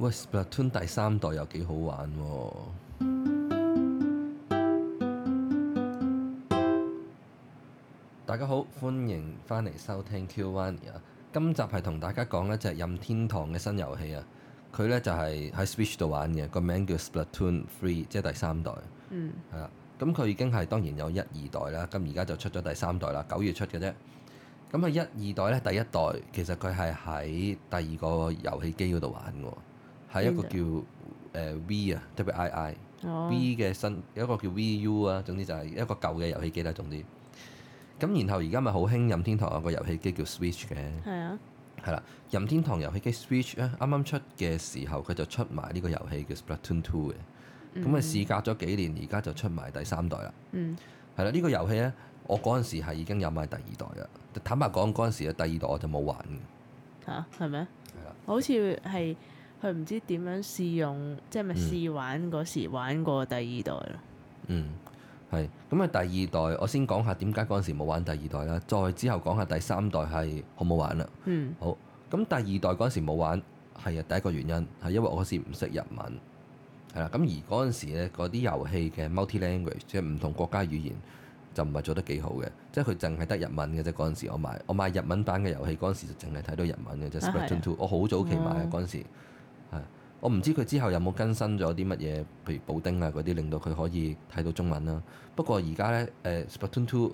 喂，Splatoon 第三代又幾好玩喎、哦！大家好，歡迎翻嚟收聽 Q 灣啊！今集係同大家講一隻任天堂嘅新遊戲啊！佢呢就係、是、喺 Switch 度玩嘅，個名叫 Splatoon f r e e 即係第三代。嗯。係咁佢已經係當然有一二代啦，咁而家就出咗第三代啦，九月出嘅啫。咁、嗯、啊，一二代呢，第一代其實佢係喺第二個遊戲機嗰度玩嘅。係一個叫誒 V 啊、oh.，特別 IIV 嘅新有一個叫 VU 啊，總之就係一個舊嘅遊戲機啦，總之。咁然後而家咪好興任天堂有個遊戲機叫 Switch 嘅，係啊，係啦，任天堂遊戲機 Switch 咧，啱啱出嘅時候佢就出埋呢個遊戲叫 Splatoon Two 嘅、嗯，咁啊，事隔咗幾年而家就出埋第三代、嗯、啦。嗯，係啦，呢個遊戲咧，我嗰陣時係已經有買第二代啦。坦白講，嗰陣時嘅第二代我就冇玩嘅嚇，係咪、啊、啦，好似係。佢唔知點樣試用，即係咪試玩嗰時、嗯、玩過第二代咯？嗯，係咁啊。第二代我先講下點解嗰陣時冇玩第二代啦。再之後講下第三代係好唔好玩啦。嗯，好。咁第二代嗰陣時冇玩係啊，第一個原因係因為我嗰時唔識日文係啦。咁而嗰陣時咧，嗰啲遊戲嘅 multi language 即係唔同國家語言就唔係做得幾好嘅，即係佢淨係得日文嘅啫。嗰陣時我買我買日文版嘅遊戲，嗰陣時就淨係睇到日文嘅，啫、啊。《係 Splatoon Two。我好早期買啊，嗰時、嗯。係，我唔知佢之後有冇更新咗啲乜嘢，譬如補丁啊嗰啲，令到佢可以睇到中文啦。不過而家咧，誒 Splatoon Two，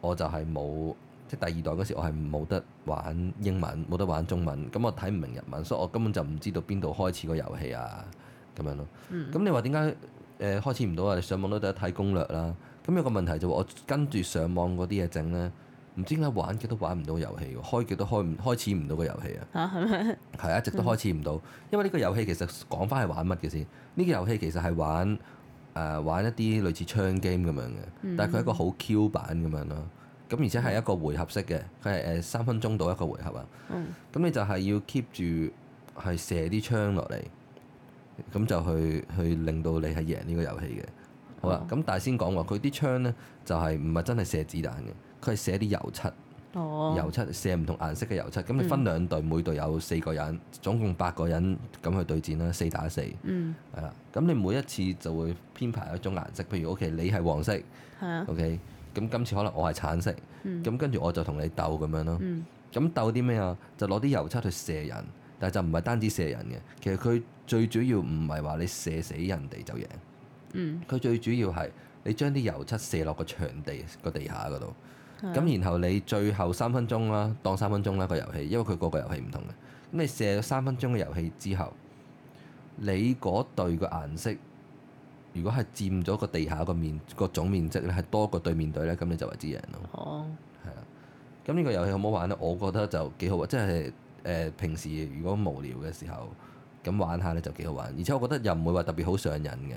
我就係冇即第二代嗰時，我係冇得玩英文，冇得玩中文，咁我睇唔明日文，所以我根本就唔知道邊度開始個遊戲啊，咁樣咯。咁你話點解誒開始唔到啊？你上網都得睇攻略啦。咁有個問題就我跟住上網嗰啲嘢整咧。唔知點解玩極都玩唔到遊戲，開極都開唔開始唔到個遊戲啊！嚇係咩？係一直都開始唔到，因為呢個遊戲其實講返係玩乜嘅先？呢個遊戲其實係玩誒玩一啲類似槍 game 咁樣嘅，但係佢係一個好 Q 版咁樣咯。咁而且係一個回合式嘅，佢係誒三分鐘到一個回合啊。咁你就係要 keep 住係射啲槍落嚟，咁就去去令到你係贏呢個遊戲嘅。好啦，咁但係先講話，佢啲槍咧就係唔係真係射子彈嘅。佢係射啲油漆，哦、油漆射唔同顏色嘅油漆。咁、嗯、你分兩隊，每隊有四個人，總共八個人咁去對戰啦，四打四。嗯，係啦。咁你每一次就會編排一種顏色，譬如 O.K. 你係黃色、嗯，O.K. 咁今次可能我係橙色，嗯。咁跟住我就同你鬥咁樣咯。嗯。咁鬥啲咩啊？就攞啲油漆去射人，但係就唔係單止射人嘅。其實佢最主要唔係話你射死人哋就贏，佢、嗯、最主要係你將啲油漆射落個場地個地下嗰度。咁然後你最後三分鐘啦，當三分鐘啦、呢個遊戲，因為佢個個遊戲唔同嘅。咁你射咗三分鐘嘅遊戲之後，你嗰隊個顏色如果係佔咗個地下個面個總面積咧，係多過對面隊咧，咁你就為之贏咯。哦，係啊。咁呢個遊戲好唔好玩咧？我覺得就幾好啊，即係誒、呃、平時如果無聊嘅時候咁玩下咧就幾好玩，而且我覺得又唔會話特別好上癮嘅。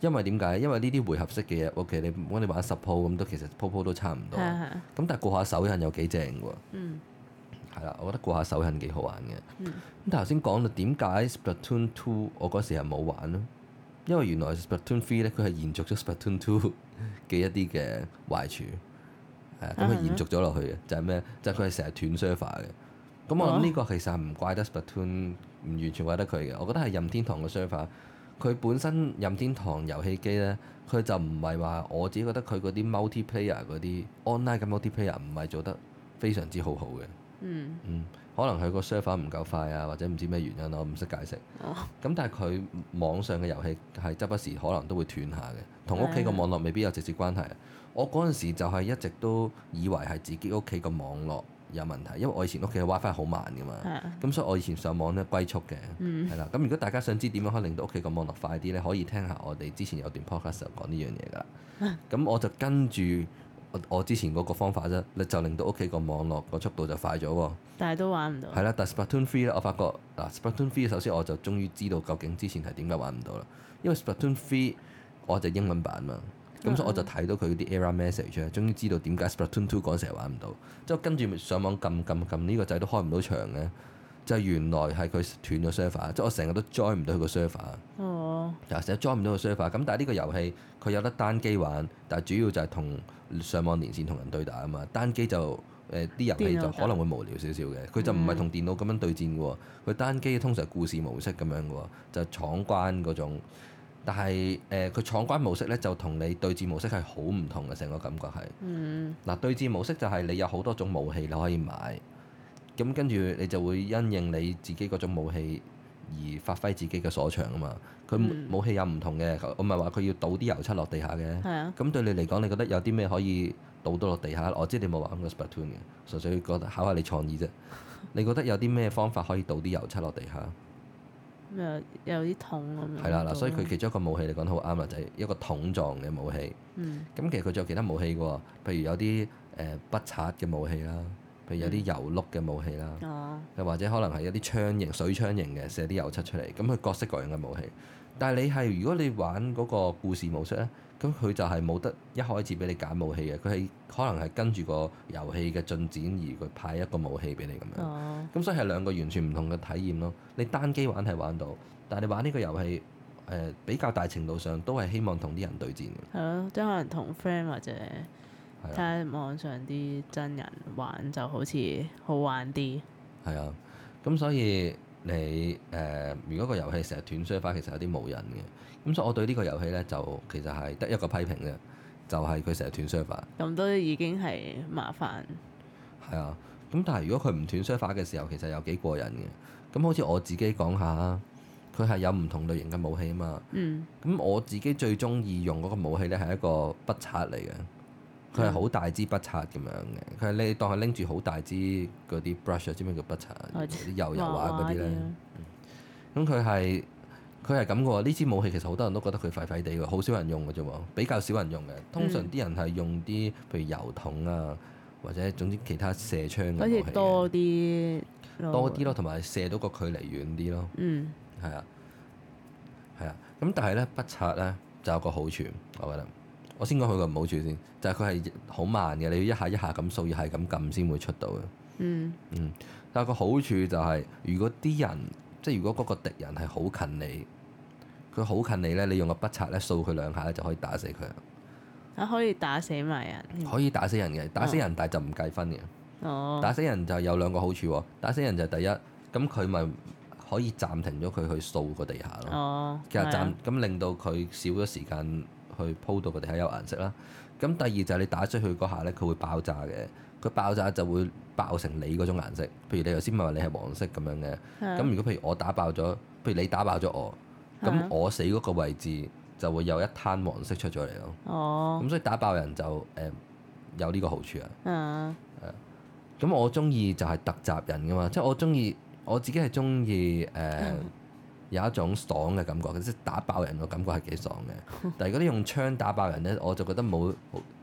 因為點解？因為呢啲回合式嘅嘢，OK，你唔好你玩十鋪咁都其實鋪鋪都差唔多。咁的但係過下手癮有幾正喎、啊？嗯。係啦，我覺得過下手癮幾好玩嘅。咁、嗯、但頭先講到點解 Splatoon 2，我嗰時係冇玩咯。因為原來 Splatoon 3咧，佢係延續咗 Splatoon 2嘅一啲嘅壞處。係啊。咁佢的的延續咗落去嘅就係咩？就係佢係成日斷 server 嘅。咁我諗呢個其實係唔怪得 Splatoon 唔完全怪得佢嘅。我覺得係任天堂嘅 server。佢本身任天堂遊戲機呢，佢就唔係話我自己覺得佢嗰啲 multiplayer 嗰啲 online 嘅 multiplayer 唔係做得非常之好好嘅。嗯、嗯可能佢個 server 唔夠快啊，或者唔知咩原因囉，我唔識解釋。哦，咁 但係佢網上嘅遊戲係執不時可能都會斷下嘅，同屋企個網絡未必有直接關係。嗯、我嗰陣時就係一直都以為係自己屋企個網絡有問題，因為我以前屋企嘅 WiFi 好慢嘅嘛，咁是的、嗯、所以我以前上網咧龜速嘅，係啦、嗯。咁如果大家想知點樣可以令到屋企個網絡快啲咧，可以聽下我哋之前有段 podcast 講呢樣嘢㗎啦。咁我就跟住我我之前嗰個方法啫，就令到屋企個網絡個速度就快咗喎。但係都玩唔到。係啦，但係 Splatoon 3咧，我發覺嗱 Splatoon 3首先我就終於知道究竟之前係點解玩唔到啦，因為 Splatoon 3我就英文版嘛。咁、嗯、所以我就睇到佢啲 error message 啊，終於知道點解 Splatoon 2嗰時玩唔到，即係跟住上網撳撳撳，呢個掣都開唔到場嘅，就原來係佢斷咗 server，即係我成日都 join 唔到佢個 server。成日 join 唔到個 server，咁但係呢個遊戲佢有得單機玩，但係主要就係同上網連線同人對打啊嘛。單機就誒啲、呃、遊戲就可能會無聊少少嘅，佢就唔係同電腦咁樣對戰喎，佢、嗯、單機通常故事模式咁樣嘅喎，就是、闖關嗰種。但係誒，佢、呃、闖關模式咧就同你對戰模式係好唔同嘅，成個感覺係。嗱、嗯啊，對戰模式就係你有好多種武器你可以買，咁跟住你就會因應你自己嗰種武器而發揮自己嘅所長啊嘛。佢、嗯、武器有唔同嘅，我咪係話佢要倒啲油漆落地下嘅。係咁、啊、對你嚟講，你覺得有啲咩可以倒到落地下？我知你冇玩過 Splatoon 嘅，純粹覺得考下你創意啫。你覺得有啲咩方法可以倒啲油漆落地下？又有啲桶咁樣，係啦嗱，所以佢其中一個武器你講得好啱啦，就係、是、一個桶狀嘅武器。咁、嗯、其實佢仲有其他武器嘅喎，譬如有啲誒、呃、筆刷嘅武器啦，譬如有啲油碌嘅武器啦，又、嗯、或者可能係一啲槍型、水槍型嘅，射啲油漆出嚟。咁佢各式各樣嘅武器。但係你係如果你玩嗰個故事模式咧，咁佢就係冇得一開始俾你揀武器嘅，佢係可能係跟住個遊戲嘅進展而佢派一個武器俾你咁樣。嗯。咁、 嗯、所以係兩個完全唔同嘅體驗咯。你單機玩係玩到，但係你玩呢個遊戲，誒、呃、比較大程度上都係希望同啲人對戰嘅。係咯，即可能同 friend 或者睇下網上啲真人玩就好似好玩啲。係啊、嗯，咁、嗯嗯、所以你誒、呃，如果個遊戲成日斷 server，其實有啲無癮嘅。咁所以我對呢個遊戲呢，就其實係得一個批評嘅，就係佢成日斷 server。咁都已經係麻煩。係 啊樂。嗯嗯嗯嗯嗯嗯咁但係如果佢唔斷摔法嘅時候，其實有幾過癮嘅。咁好似我自己講下啦，佢係有唔同類型嘅武器啊嘛。咁、嗯、我自己最中意用嗰個武器咧，係一個筆刷嚟嘅。佢係好大支筆刷咁樣嘅。佢係你當佢拎住好大支嗰啲 brush，知唔知咩叫筆刷？啲、嗯、油油畫嗰啲咧。咁佢係佢係咁嘅喎。呢、嗯、支武器其實好多人都覺得佢廢廢地喎，好少人用嘅啫喎，比較少人用嘅。通常啲人係用啲譬如油桶啊。或者總之其他射槍好似多啲多啲咯，同埋射到個距離遠啲咯。嗯，係啊，係啊。咁但係咧，筆刷咧就有個好處，我覺得。我先講佢個唔好處先，就係佢係好慢嘅，你要一下一下咁掃，要係咁撳先會出到嘅。嗯嗯。但係個好處就係，如果啲人即係如果嗰個敵人係好近你，佢好近你咧，你用個筆刷咧掃佢兩下咧就可以打死佢。可以打死埋人，可以打死人嘅，打死人、oh. 但係就唔計分嘅。Oh. 打死人就有兩個好處喎，打死人就第一，咁佢咪可以暫停咗佢去掃個地下咯。Oh. 其實暫咁 Yeah. 令到佢少咗時間去鋪到個地下有顏色啦。咁第二就係你打出去嗰下呢，佢會爆炸嘅。佢爆炸就會爆成你嗰種顏色，譬如你頭先咪話你係黃色咁樣嘅。咁、oh. 如果譬如我打爆咗，譬如你打爆咗我，咁我死嗰個位置。就會有一灘黃色出咗嚟咯，咁、oh. 所以打爆人就誒、呃、有呢個好處啊。咁、uh. 呃、我中意就係突襲人噶嘛，即係我中意我自己係中意誒有一種爽嘅感覺，即係打爆人個感覺係幾爽嘅。但係嗰啲用槍打爆人呢，我就覺得冇，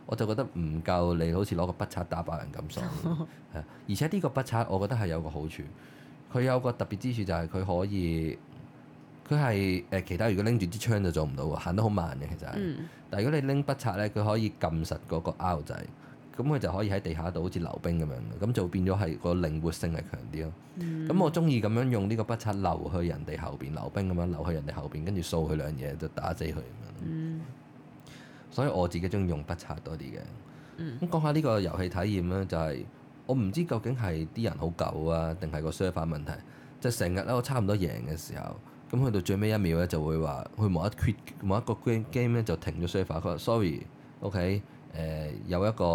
我就覺得唔夠你好似攞個筆刷打爆人咁爽、呃。而且呢個筆刷我覺得係有個好處，佢有個特別之處就係佢可以。佢係誒其他，如果拎住支槍就做唔到喎，行得好慢嘅其實。嗯、但係如果你拎筆刷咧，佢可以撳實嗰個 Out 仔，咁佢就可以喺地下度好似溜冰咁樣，咁就變咗係個靈活性係強啲咯。咁、嗯、我中意咁樣用呢個筆刷溜去人哋後邊溜冰咁樣流，溜去人哋後邊跟住掃佢兩嘢就打死佢咁樣。嗯、所以我自己中意用筆刷多啲嘅。咁、嗯、講下呢個遊戲體驗咧，就係、是、我唔知究竟係啲人好狗啊，定係個 server 問題，即係成日咧我差唔多贏嘅時候。咁去到最尾一秒咧，就會話去某一缺某一個 game game 咧就停咗 server。佢話 ：sorry，OK，okay, 誒有一個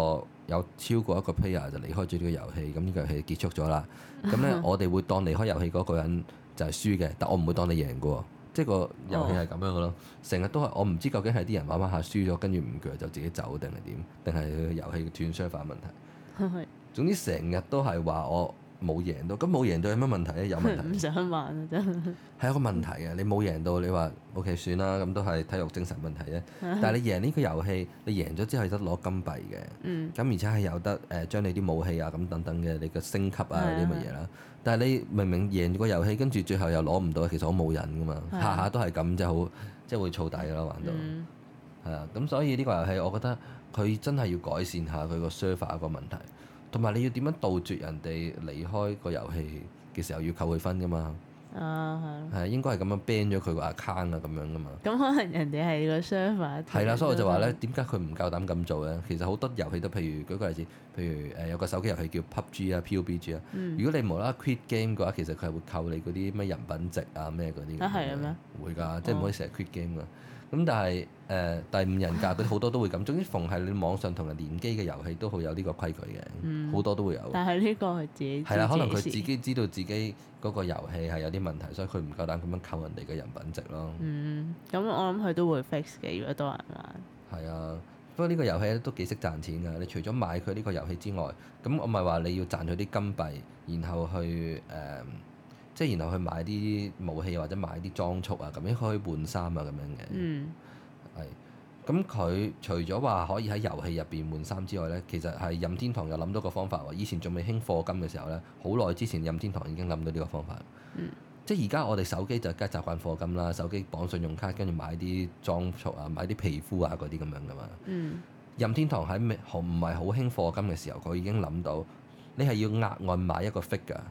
有超過一個 player 就離開咗呢個遊戲，咁、這、呢個遊戲結束咗啦。咁咧我哋會當離開遊戲嗰個人就係輸嘅，但我唔會當你贏嘅喎。即係個遊戲係咁樣嘅咯。成日、oh. 都係我唔知究竟係啲人玩玩下輸咗，跟住唔攰就自己走定係點？定係佢遊戲斷 server 問題。係 總之成日都係話我。冇贏到，咁冇贏到有乜問題咧？有問題？唔 想玩啊！真係係一個問題嘅。你冇贏到，你話 OK 算啦，咁都係體育精神問題咧。 但係你贏呢個遊戲，你贏咗之後係得攞金幣嘅。嗯。咁而且係有得誒、呃、將你啲武器啊咁等等嘅，你嘅升級啊啲乜嘢啦。但係你明明贏咗個遊戲，跟住最後又攞唔到，其實好冇癮噶嘛。下下、嗯、都係咁，就好即係會燥底咯，玩到係啊。咁所以呢個遊戲，我覺得佢真係要改善下佢個 server 一個問題。同埋你要點樣杜絕人哋離開個遊戲嘅時候要扣佢分噶嘛？哦、啊，係係應該係咁樣 ban 咗佢個 account 啊，咁樣噶嘛。咁、嗯、可能人哋係個 server 係啦，所以我就話咧，點解佢唔夠膽咁做咧？其實好多遊戲都，譬如舉個例子，譬如誒、呃、有個手機遊戲叫 pubg 啊、pubg 啊，G, 嗯、如果你無啦 quit game 嘅話，其實佢係會扣你嗰啲咩人品值啊咩嗰啲。啊，係啊咩？會㗎，即係唔可以成日 quit game 㗎。咁但係誒、呃、第五人格佢好、啊、多都會咁，總之逢係你網上同人連機嘅遊戲都好有呢個規矩嘅，好、嗯、多都會有。但係呢個係自己係啦、啊，自己知可能佢自己知道自己嗰個遊戲係有啲問題，所以佢唔夠膽咁樣扣人哋嘅人品值咯。嗯，咁我諗佢都會 fix 嘅，如果多人玩。係啊，不過呢個遊戲都幾識賺錢㗎。你除咗買佢呢個遊戲之外，咁我唔係話你要賺佢啲金幣，然後去誒。嗯即係然後去買啲武器或者買啲裝束啊，咁樣可以換衫啊咁樣嘅。係咁佢除咗話可以喺遊戲入邊換衫之外咧，其實係任天堂又諗到個方法喎。以前仲未興貨金嘅時候咧，好耐之前任天堂已經諗到呢個方法。嗯，即係而家我哋手機就梗係習慣貨金啦，手機綁信用卡跟住買啲裝束啊，買啲皮膚啊嗰啲咁樣噶嘛。嗯，任天堂喺未唔係好興貨金嘅時候，佢已經諗到你係要額外買一個 figure。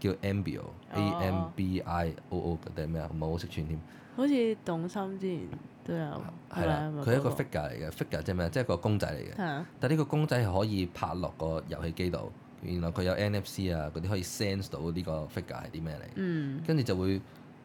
叫 Ambio，A M B I O O 定咩啊？唔係好識串添。好似動森之前都有，係啦。 佢係一個 fig figure 嚟嘅 figure 即係咩？即係個公仔嚟嘅。 但呢個公仔係可以拍落個遊戲機度，原來佢有 NFC 啊嗰啲可以 sense 到呢個 figure 係啲咩嚟。跟住、嗯、就會。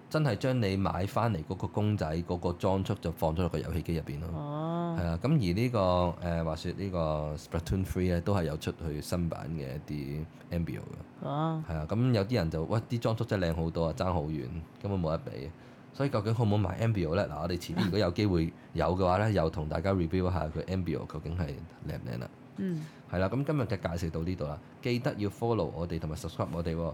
真係將你買翻嚟嗰個公仔嗰個裝束就放咗落個遊戲機入邊咯。哦。係啊，咁、啊、而、這個呃、個呢個誒話説呢個 Splatoon 3咧都係有出佢新版嘅一啲 amiibo 嘅。係啊，咁、啊、有啲人就喂啲裝束真係靚好多啊，爭好遠，根本冇得比。所以究竟好唔好買 amiibo 咧？嗱、啊，我哋遲啲如果有機會有嘅話咧，又同大家 review 下佢 amiibo 究竟係靚唔靚啦。嗯。係啦、啊，咁今日嘅介紹到呢度啦，記得要 follow 我哋同埋 subscribe 我哋喎。